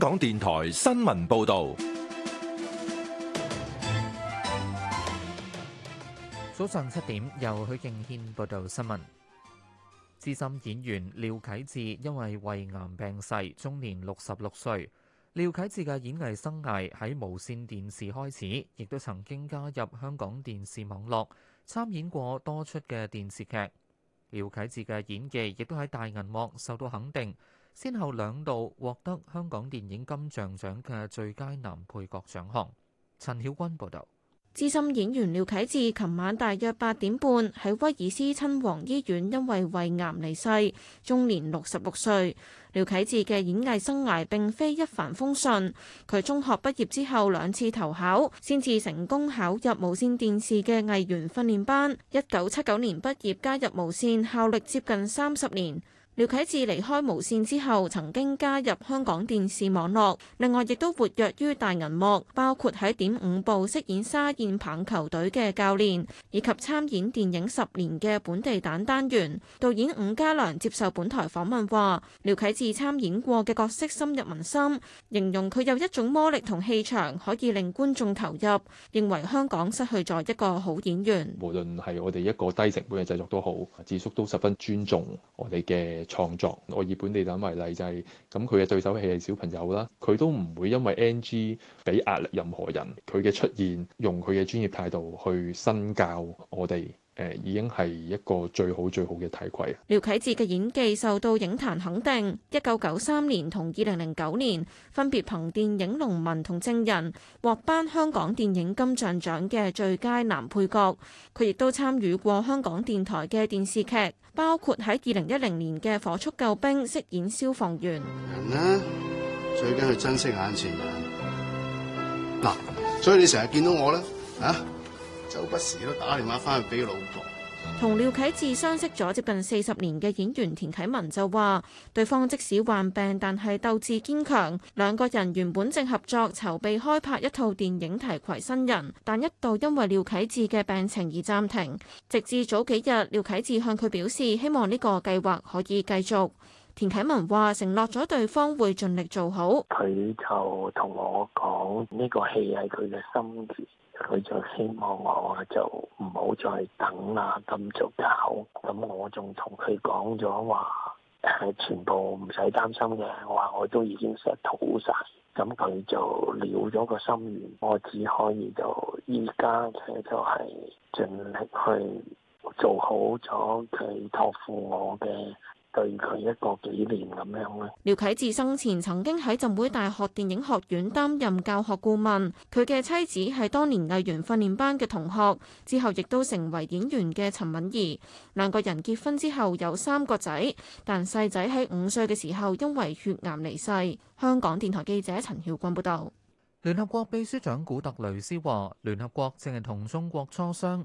香港電台新聞報道，早上七點由許敬軒報道新聞。資深演員廖啟智因為胃癌病逝，終年六十六歲。廖啟智嘅演藝生涯喺無綫電視開始，亦都曾經加入香港電視網絡參演過多齣嘅電視劇。廖啟智嘅演技亦都喺大銀幕受到肯定。先後兩度獲得香港電影金像獎嘅最佳男配角獎項。陳曉君報道，資深演員廖啟智琴晚大約八點半喺威爾斯親王醫院因為胃癌離世，終年六十六歲。廖啟智嘅演藝生涯並非一帆風順，佢中學畢業之後兩次投考，先至成功考入無線電視嘅藝員訓練班。一九七九年畢業加入無線，效力接近三十年。廖啟智離開無線之後，曾經加入香港電視網絡，另外亦都活躍於大銀幕，包括喺《點五步》飾演沙燕棒球隊嘅教練，以及參演電影《十年》嘅本地蛋單元。導演伍嘉良接受本台訪問話，廖啟智參演過嘅角色深入民心，形容佢有一種魔力同氣場，可以令觀眾投入，認為香港失去咗一個好演員。無論係我哋一個低成本嘅製作都好，智叔都十分尊重我哋嘅創作，我以本地人為例，就是，就係咁，佢嘅對手戲係小朋友啦，佢都唔會因為 NG 俾壓力任何人，佢嘅出現用佢嘅專業態度去新教我哋，誒已經係一個最好最好嘅體會。廖啟智嘅演技受到影壇肯定，一九九三年同二零零九年分別憑電影《農民》同《證人》獲頒香港電影金像獎嘅最佳男配角。佢亦都參與過香港電台嘅電視劇，包括喺二零一零年嘅《火速救兵》飾演消防員。人呢，啊，最緊要珍惜眼前人，嗱，所以你成日見到我咧啊？就不時都打電話翻去俾老婆。同廖啟智相識咗接近四十年嘅演員田啟文就話，對方即使患病，但係鬥志堅強。兩個人原本正合作籌備開拍一套電影提攜新人，但一度因為廖啟智嘅病情而暫停，直至早幾日廖啟智向佢表示希望呢個計劃可以繼續。田啟文話承諾咗對方會盡力做好，佢就同我講呢個戲係佢嘅心願，佢就希望我就唔好再等啦，咁就搞。咁我仲同佢講咗話，誒，全部唔使擔心嘅。我話我都已經 set 好晒，咁佢就了咗個心願。我只可以就依家嘅就係盡力去做好咗佢托付我嘅。對佢一個幾年咁樣咧。廖啟智生前曾經喺浸會大學電影學院擔任教學顧問，佢嘅妻子係當年藝員訓練班嘅同學，之後亦都成為演員嘅陳敏兒。兩個人結婚之後有三個仔，但細仔喺五歲嘅時候因為血癌離世。香港電台記者陳曉君報道。聯合國秘書長古特雷斯話：聯合國正係同中國磋商。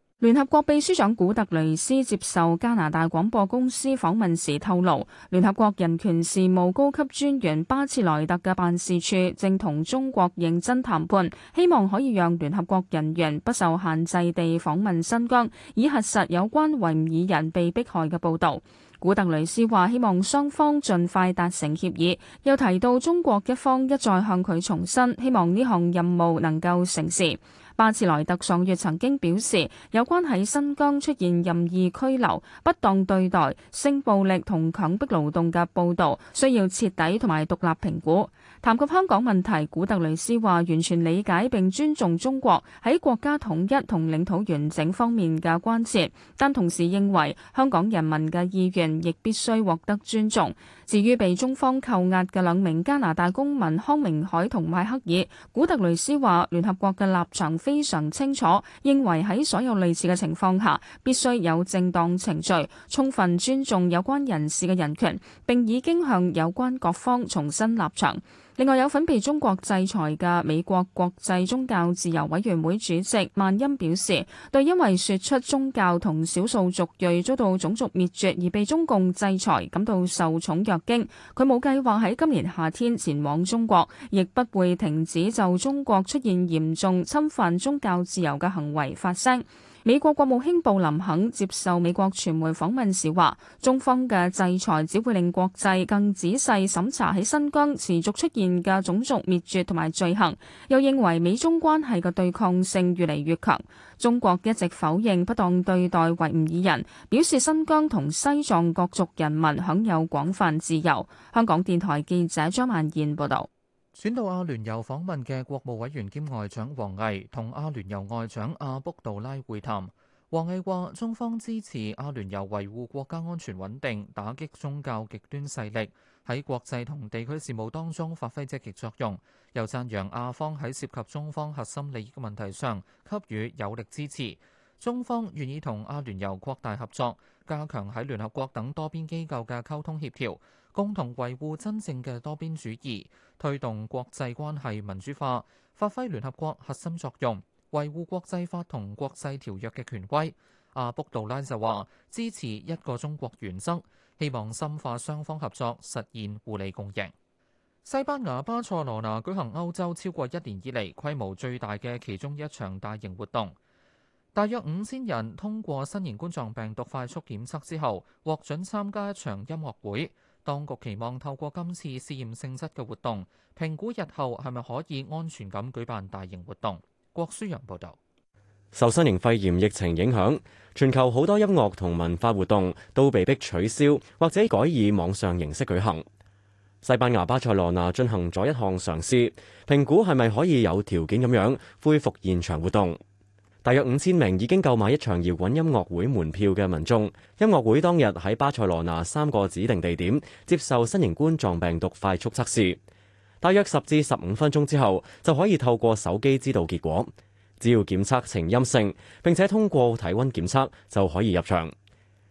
聯合國秘書長古特雷斯接受加拿大廣播公司訪問時透露，聯合國人權事務高級專員巴切萊特嘅辦事處正同中國認真談判，希望可以讓聯合國人員不受限制地訪問新疆，以核實有關維吾爾人被迫害嘅報導。古特雷斯話希望雙方盡快達成協議，又提到中國一方一再向佢重申，希望呢項任務能夠成事。巴茨萊特上月曾經表示，有關喺新疆出現任意拘留、不當對待、性暴力同強迫勞動嘅報道，需要徹底同埋獨立評估。談及香港問題，古特雷斯話：完全理解並尊重中國喺國家統一同領土完整方面嘅關切，但同時認為香港人民嘅意願亦必須獲得尊重。至於被中方扣押嘅兩名加拿大公民康明凱同邁克爾，古特雷斯話：聯合國嘅立場非常清楚，認為喺所有類似嘅情況下，必須有正當程序，充分尊重有關人士嘅人權。並已經向有關各方重新立場。另外有份被中國制裁嘅美國國際宗教自由委員會主席曼恩表示，對因為説出宗教同少數族裔遭到種族滅絕而被中共制裁感到受寵若驚。佢冇計劃喺今年夏天前往中國，亦不會停止就中國出現嚴重侵犯宗教自由嘅行為發聲。美國國務卿布林肯接受美國傳媒訪問時話，中方嘅制裁只會令國際更仔細審查喺新疆持續出現嘅種族滅絕同埋罪行。又認為美中關係嘅對抗性越嚟越強。中國一直否認不當對待維吾爾人，表示新疆同西藏各族人民享有廣泛自由。香港電台記者張曼燕報道。選到阿聯酋訪問嘅國務委員兼外長王毅同阿聯酋外長阿卜杜拉會談。王毅話：中方支持阿聯酋維護國家安全穩定，打擊宗教極端勢力，喺國際同地區事務當中發揮積極作用。又讚揚阿方喺涉及中方核心利益嘅問題上給予有力支持。中方願意同阿聯酋擴大合作。加強喺聯合國等多邊機構嘅溝通協調，共同維護真正嘅多邊主義，推動國際關係民主化，發揮聯合國核心作用，維護國際法同國際條約嘅權威。阿卜杜拉就話，支持一個中國原則，希望深化雙方合作，實現互利共贏。西班牙巴塞羅那舉行歐洲超過一年以嚟規模最大嘅其中一場大型活動。大約五千人通過新型冠狀病毒快速檢測之後，獲准參加一場音樂會。當局期望透過今次試驗性質嘅活動，評估日後係咪可以安全咁舉辦大型活動。郭書陽報道。受新型肺炎疫情影響，全球好多音樂同文化活動都被迫取消或者改以網上形式舉行。西班牙巴塞羅那進行咗一項嘗試，評估係咪可以有條件咁樣恢復現場活動。大約五千名已經購買一場搖滾音樂會門票嘅民眾，音樂會當日喺巴塞羅那三個指定地點接受新型冠狀病毒快速測試，大約十至十五分鐘之後就可以透過手機知道結果。只要檢測呈陰性，並且通過體溫檢測就可以入場，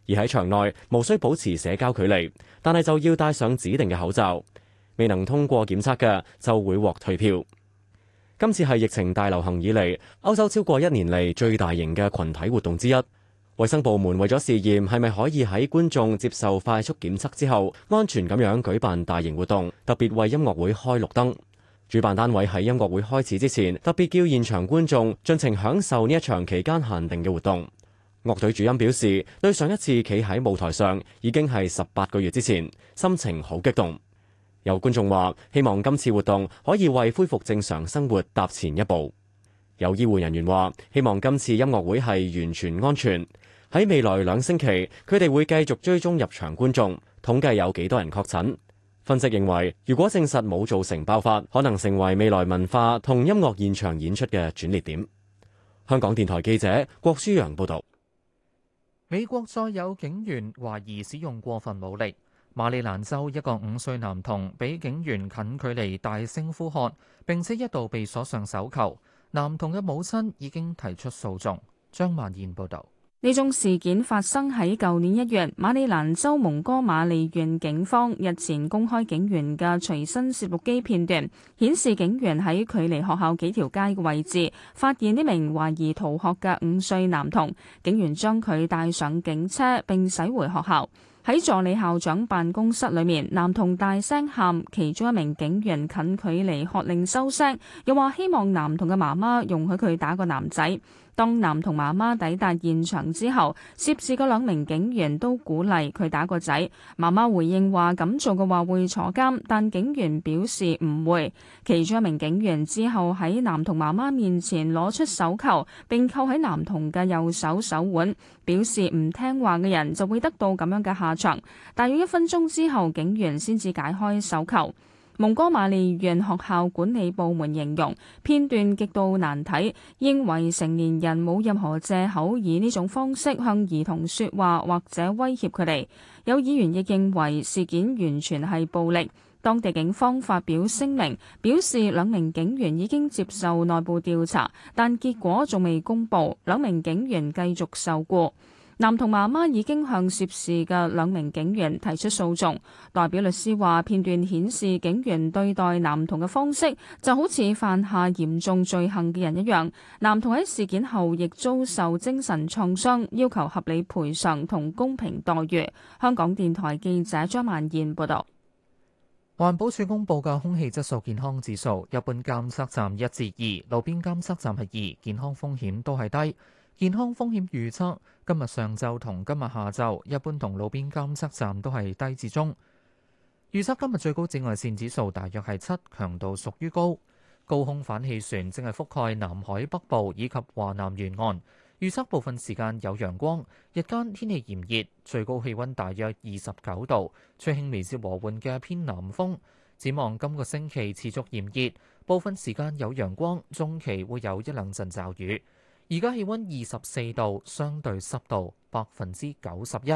而喺場內無需保持社交距離，但係就要戴上指定嘅口罩。未能通過檢測嘅就會獲退票。今次係疫情大流行以嚟，歐洲超過一年嚟最大型嘅群體活動之一。衛生部門為咗試驗係咪可以喺觀眾接受快速檢測之後，安全咁樣舉辦大型活動，特別為音樂會開綠燈。主辦單位喺音樂會開始之前，特別叫現場觀眾盡情享受呢一場期間限定嘅活動。樂隊主音表示，對上一次企喺舞台上已經係十八個月之前，心情好激動。有觀眾話：希望今次活動可以為恢復正常生活踏前一步。有醫護人員話：希望今次音樂會係完全安全。喺未來兩星期，佢哋會繼續追蹤入場觀眾，統計有幾多人確診。分析認為，如果證實冇造成爆發，可能成為未來文化同音樂現場演出嘅轉捩點。香港電台記者郭舒揚報導。美國再有警員懷疑使用過分武力。馬里蘭州一個五歲男童俾警員近距離大聲呼喝，並且一度被鎖上手銬。男童嘅母親已經提出訴訟。張曼燕報導。呢宗事件發生喺舊年一月。馬里蘭州蒙哥馬利縣警方日前公開警員嘅隨身攝錄機片段，顯示警員喺距離學校幾條街嘅位置，發現呢名懷疑逃學嘅五歲男童。警員將佢帶上警車並駛回學校。喺助理校長辦公室裏面，男童大聲喊，其中一名警員近距離喝令收聲，又話希望男童嘅媽媽容許佢打個男仔。當男童媽媽抵達現場之後，涉事嘅兩名警員都鼓勵佢打個仔。媽媽回應話咁做嘅話會坐監，但警員表示唔會。其中一名警員之後喺男童媽媽面前攞出手球，並扣喺男童嘅右手手腕，表示唔聽話嘅人就會得到咁樣嘅下場。大約一分鐘之後，警員先至解開手球。蒙哥馬利園學校管理部門形容片段極度難睇，認為成年人冇任何借口以呢種方式向兒童説話或者威脅佢哋。有議員亦認為事件完全係暴力。當地警方發表聲明表示，兩名警員已經接受內部調查，但結果仲未公布。兩名警員繼續受僱。男童媽媽已經向涉事嘅兩名警員提出訴訟。代表律師話：片段顯示警員對待男童嘅方式就好似犯下嚴重罪行嘅人一樣。男童喺事件後亦遭受精神創傷，要求合理賠償同公平待遇。香港電台記者張萬燕報道。環保署公布嘅空氣質素健康指數，一般監測站一至二，路邊監測站係二，健康風險都係低。健康風險預測今日上晝同今日下晝，一般同路邊監測站都係低至中。預測今日最高紫外線指數大約係七，強度屬於高。高空反氣旋正係覆蓋南海北部以及華南沿岸。預測部分時間有陽光，日間天氣炎熱，最高氣溫大約二十九度。吹輕微至和緩嘅偏南風，展望今個星期持續炎熱，部分時間有陽光，中期會有一兩陣驟雨。而家氣温二十四度，相對濕度百分之九十一。